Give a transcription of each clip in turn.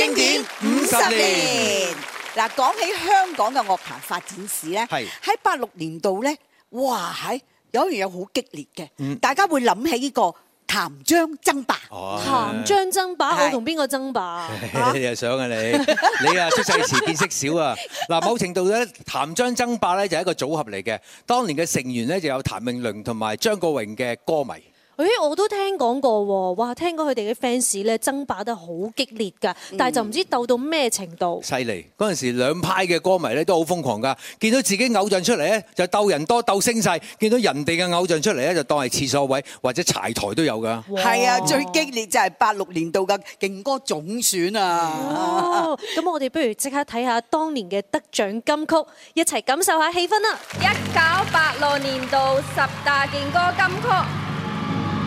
經典五十年，嗱講起香港嘅樂壇發展史咧，喺八六年度咧，哇喺有樣嘢好激烈嘅，大家會諗起呢個譚張爭霸。譚張爭霸，我同邊個爭霸？你想啊你，你啊出世時見識少啊！嗱，某程度咧，譚張爭霸咧就係一個組合嚟嘅，當年嘅成員咧就有譚詠麟同埋張國榮嘅歌迷。咦，我都聽講過哇，聽講佢哋嘅 fans 咧爭霸得好激烈㗎，但係就唔知鬥到咩程度。犀利、嗯！嗰陣時兩派嘅歌迷咧都好瘋狂㗎，見到自己偶像出嚟咧就鬥人多、鬥聲勢；見到人哋嘅偶像出嚟咧就當係廁所位或者柴台都有㗎。係哇啊，最激烈就係八六年度嘅勁歌總選啊！哦，咁我哋不如即刻睇下當年嘅得獎金曲，一齊感受下氣氛啦！一九八六年度十大勁歌金曲。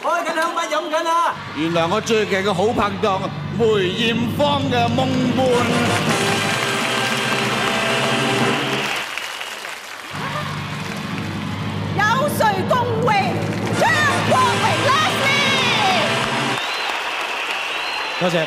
開緊香檳飲緊啊！原來我最近嘅好拍檔梅艷芳嘅夢伴，有誰共鳴張國榮？多謝。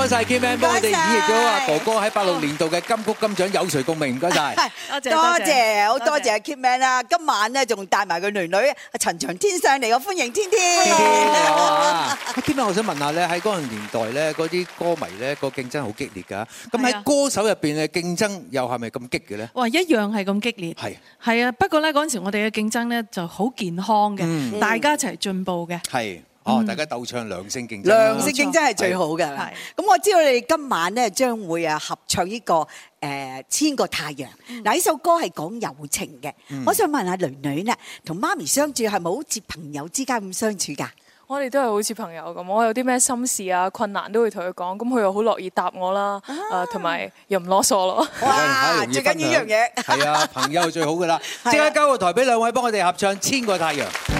多謝 Kit Man 幫我哋演繹咗阿哥哥喺八六年度嘅金曲金獎有誰共鳴？唔該曬，多謝好多謝好多謝 Kit Man 啦！今晚咧仲帶埋佢囡囡陳薔天上嚟，我歡迎天天。天天你好啊！Kit Man，我想問下咧，喺嗰陣年代咧，嗰啲歌迷咧個競爭係好激烈嘅。咁喺歌手入邊嘅競爭又係咪咁激嘅咧？哇！一樣係咁激烈，係係啊！不過咧嗰陣時我哋嘅競爭咧就好健康嘅，大家一齊進步嘅。係。哦，大家鬥唱良性競爭，良性競爭係最好嘅錯。咁是的 我知道你哋今晚咧將會啊合唱，呢、這個誒千個太陽。嗱，呢首歌係講友情嘅。嗯、我想問下囡囡咧，同媽咪相處係咪好似朋友之間咁相處㗎？我哋都係好似朋友咁，我有啲咩心事啊、困難都會同佢講，咁佢又好樂意答我啦。誒，同埋又唔囉嗦咯。哇，最緊要呢樣嘢。係啊，朋友係最好㗎啦。 即刻交個台俾兩位，幫我哋合唱千個太陽。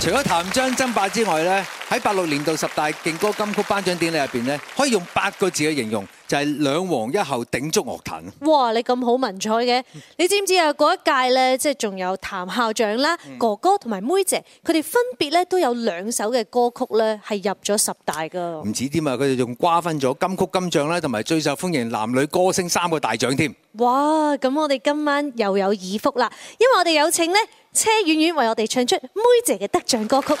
除咗譚張爭霸之外咧，喺八六年度十大勁歌金曲頒獎典禮入面咧，可以用八個字嘅形容，就係兩王一后頂足樂壇。哇！你咁好文采嘅，你知唔知啊？嗰一屆咧，即係仲有譚校長啦、哥哥同埋妹姐，佢哋分別咧，都有兩首嘅歌曲咧，係入咗十大㗎。唔止添啊！佢哋仲瓜分咗金曲金獎啦，同埋最受歡迎男女歌星三個大獎添。哇！咁我哋今晚又有耳福啦，因為我哋有請呢，車婉婉為我哋唱出妹姐嘅得獎歌曲。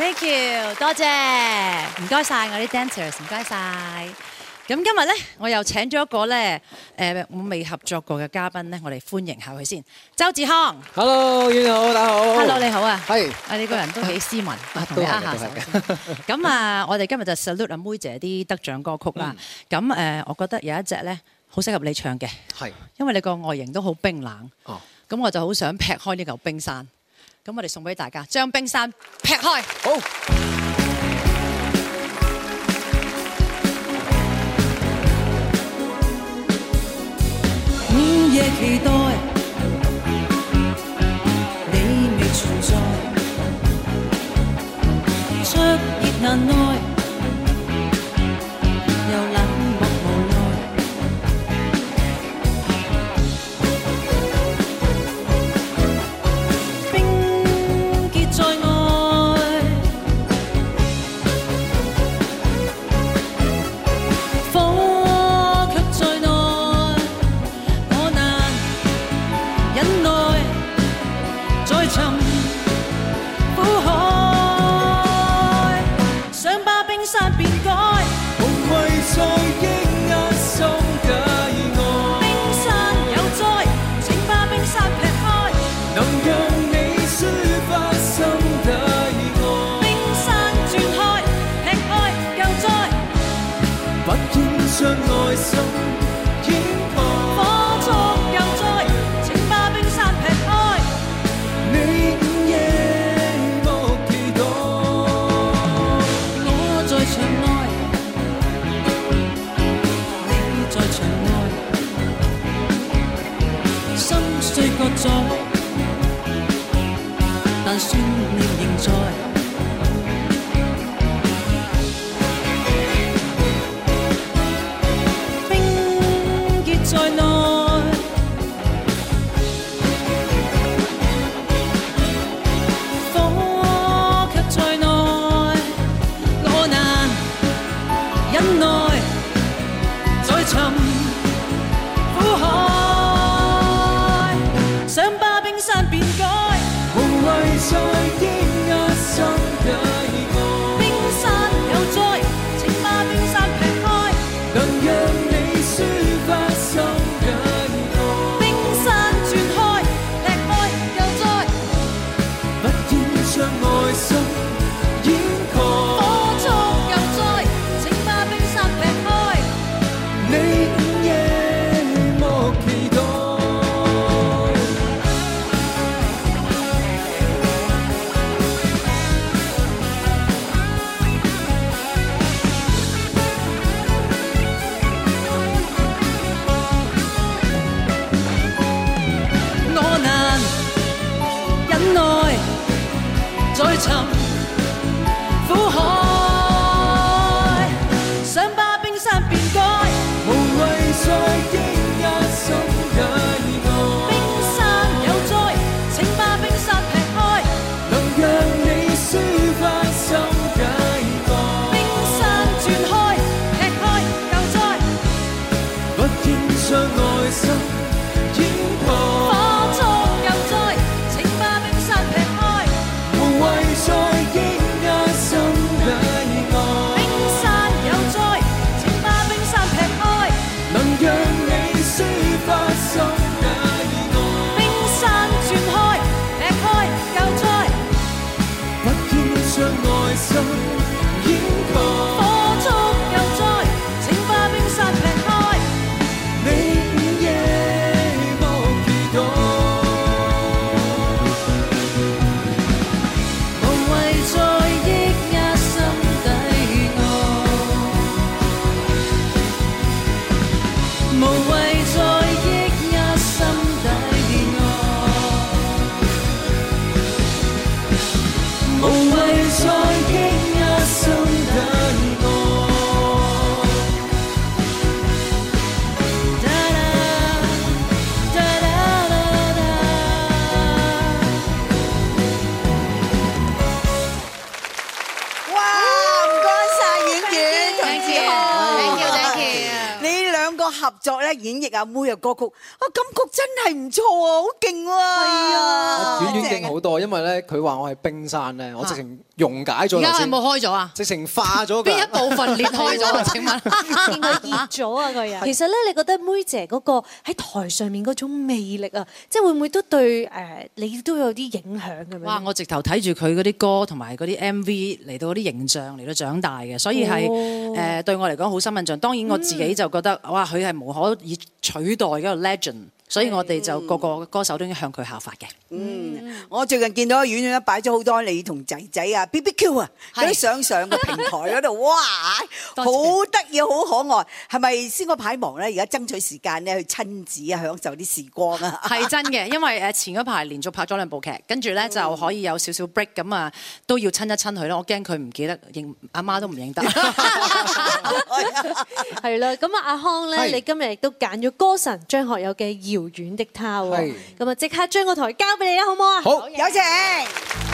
Thank you，多謝，唔該晒我啲 dancers，唔該晒。咁今日咧，我又請咗一個咧，誒我未合作過嘅嘉賓咧，我哋歡迎下佢先。周志康，Hello，你好，大家好。Hello，你好啊。係。啊，你個人都幾斯文啊，同你握下手。咁啊，我哋今日就 salute 阿梅姐啲得獎歌曲啦。咁誒，我覺得有一隻咧，好適合你唱嘅。係。因為你個外形都好冰冷。哦。咁我就好想劈開呢嚿冰山。咁我哋送俾大家，將冰山劈開。好。午夜期待，你未存在，灼熱難耐。歌曲啊，感覺真係唔錯喎啊，好勁啊，係啊、哎呀，短遠勁好多，棒啊、因為咧，佢話我係冰山咧，我直情。啊溶解咗，而家有冇開咗啊！直成化咗，邊一部分裂開咗？ 請問熱咗 啊！個人其實咧，你覺得妹姐嗰、那個喺台上面嗰種魅力啊，即係會唔會都對誒、呃、你都有啲影響咁樣？哇！我直頭睇住佢嗰啲歌同埋嗰啲 MV 嚟到嗰啲形象嚟到長大嘅，所以係誒、哦呃、對我嚟講好深印象。當然我自己就覺得、嗯、哇，佢係無可以取代嗰個 legend。所以我哋就個是個歌手都應向佢效法嘅。嗯，我最近見到婉婉咧擺咗好多你同仔仔啊、BBQ 啊嗰啲相相個平台度， 哇，好得意，好可愛，係咪先嗰排忙咧？而家爭取時間咧去親子啊，享受啲時光啊。係真嘅，因為誒前嗰排連續拍咗兩部劇，跟住咧就可以有少少 break，咁啊都要親一親佢咯。我驚佢唔記得認阿媽都唔認得。係啦，咁啊阿康咧，的你今日亦都揀咗歌神張學友嘅搖好遠的他喎，咁啊即刻將個台交俾你啦，好唔好啊？好，好有請姐。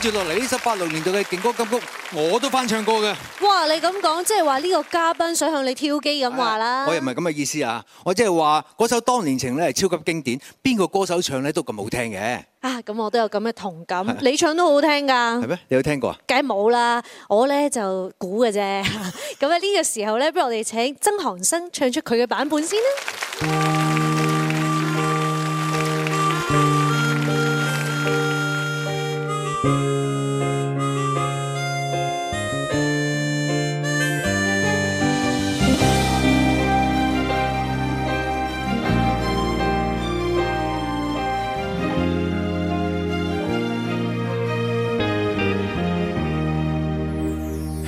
接落嚟，呢首八六年代嘅勁歌金曲，我都翻唱過嘅。哇！你咁講，即係話呢個嘉賓想向你挑機咁話啦。我又唔係咁嘅意思啊！我即係話嗰首《當年情》咧係超級經典，邊個歌手唱咧都咁好聽嘅。啊，咁我都有咁嘅同感，你唱都好聽㗎。係咩？你有聽過啊？梗係冇啦，我咧就估嘅啫。咁喺呢個時候咧，不如我哋請曾航生唱出佢嘅版本先啦。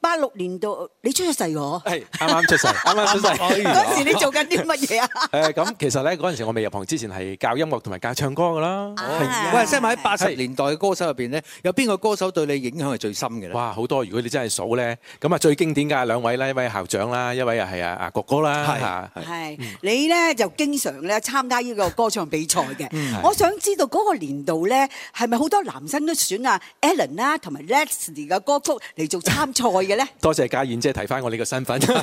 八六年度，你出咗世我係啱啱出世，啱啱出世。嗰陣時你做緊啲乜嘢啊？誒咁，其實咧嗰陣時我未入行之前係教音樂同埋教唱歌噶啦。喂，即係咪喺八十年代嘅歌手入邊咧，有邊個歌手對你影響係最深嘅咧？哇，好多！如果你真係數咧，咁啊最經典嘅兩位啦，一位校長啦，一位又係啊阿哥哥啦。係係，你咧就經常咧參加呢個歌唱比賽嘅。我想知道嗰個年度咧係咪好多男生都選阿 Allen 啦同埋 Leslie 嘅歌曲嚟做參賽？多謝家燕姐提翻我哋嘅身份，因為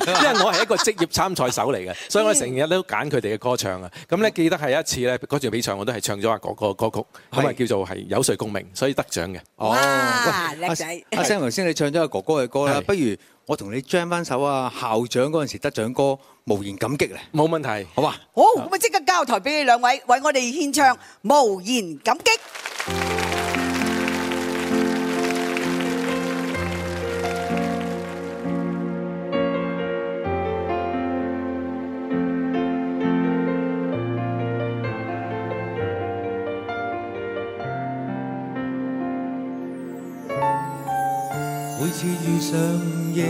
我係一個職業參賽手嚟嘅，所以我成日都揀佢哋嘅歌唱啊。咁咧記得係一次咧，嗰場比賽我都係唱咗阿哥哥嘅歌曲，咁啊叫做係有誰共鳴，所以得獎嘅。哇，叻仔！阿生頭先你唱咗阿哥哥嘅歌啦，不如我同你將翻首啊校長嗰陣時得獎歌《無言感激》咧，冇問題，好嘛？好，咁咪即刻交台俾你兩位，為我哋獻唱《無言感激》。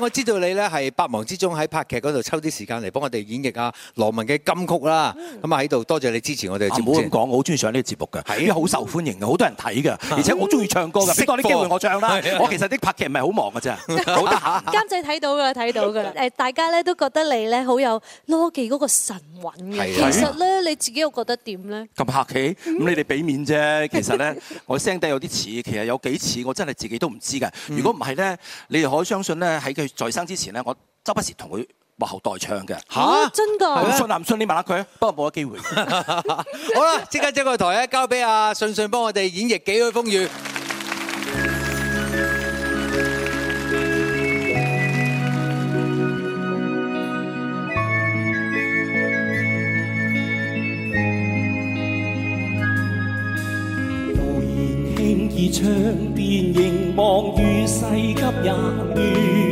我知道你咧係百忙之中喺拍劇嗰度抽啲時間嚟幫我哋演繹啊羅文嘅金曲啦，咁啊喺度多謝你支持我哋節、嗯、節目。唔好咁講，我好中意上呢個節目㗎，係好受歡迎好、嗯、多人睇㗎，而且我中意唱歌㗎。俾、嗯、多啲機會我唱啦，懂的 我其實啲拍劇唔係好忙㗎啫，好得嚇。監製睇到㗎，睇到㗎。誒，大家咧都覺得你咧好有羅記嗰個神韻是、啊、其實咧你自己又覺得點咧？咁客氣，咁、嗯、你哋俾面啫。其實咧，我聲底有啲似，其實有幾似，我真係自己都唔知㗎。如果唔係咧，你哋可以相信咧喺。在生之前呢，我周不時同佢幕後代唱嘅嚇，真㗎。信男唔信，你問下佢，不過冇咗機會。 好啦，即刻將個台交俾阿信信幫我哋演繹《幾許風雨》。無言 輕倚窗邊凝望，於世急也亂。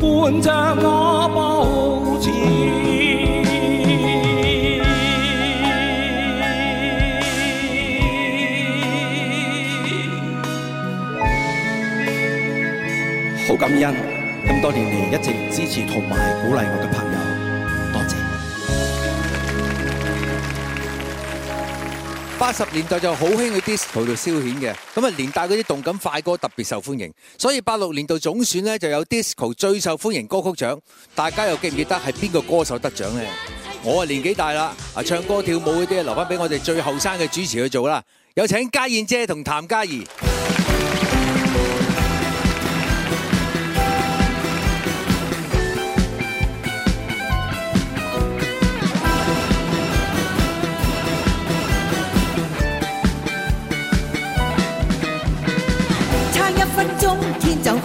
伴着我好感恩，咁多年嚟一直支持同埋鼓勵我嘅朋友。八十年代就好興去 disco 度消遣嘅，咁啊連帶嗰啲動感快歌特別受歡迎，所以八六年度總選咧就有 disco 最受歡迎歌曲獎，大家又記唔記得係邊個歌手得獎呢？我啊年紀大啦，啊唱歌跳舞嗰啲留翻俾我哋最後生嘅主持去做啦，有請家燕姐同譚嘉儀。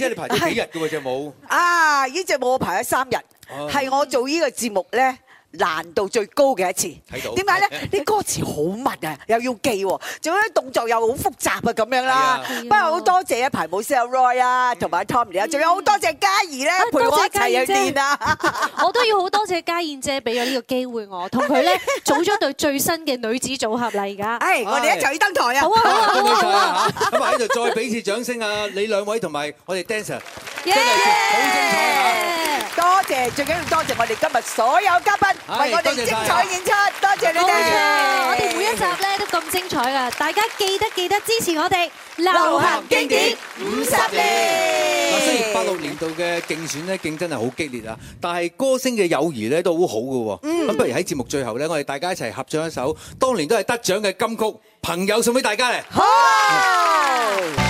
即係你排了幾日嘅喎隻舞？啊！呢隻舞我排咗三日，係我做這個呢個節目咧。難度最高嘅一次，點解咧？啲歌詞好密啊，又要記，仲有啲動作又好複雜啊，咁樣啦。不過好多謝啊排舞師阿 Roy 啊，同埋 Tom 啊，仲有好多謝嘉儀咧，陪我一齊去練啊。我都要好多謝家燕姐俾咗呢個機會我，同佢咧組咗對最新嘅女子組合啦，而家。誒，我哋一齊登台啊！好啊，登台啦嚇！咁啊喺度再俾次掌聲啊！你兩位同埋我哋 dancer，真係好精彩啊！多謝，最緊要多謝我哋今日所有嘉賓。係我哋精彩演出，多謝你哋。冇錯，我哋每一集咧都咁精彩噶，大家記得記得支持我哋流行經典五十年。雖然八六年度嘅競選咧，競爭係好激烈啊！但係歌星嘅友誼咧都好好嘅。咁不如喺節目最後咧，我哋大家一齊合唱一首當年都係得獎嘅金曲《朋友》，送俾大家嚟。好。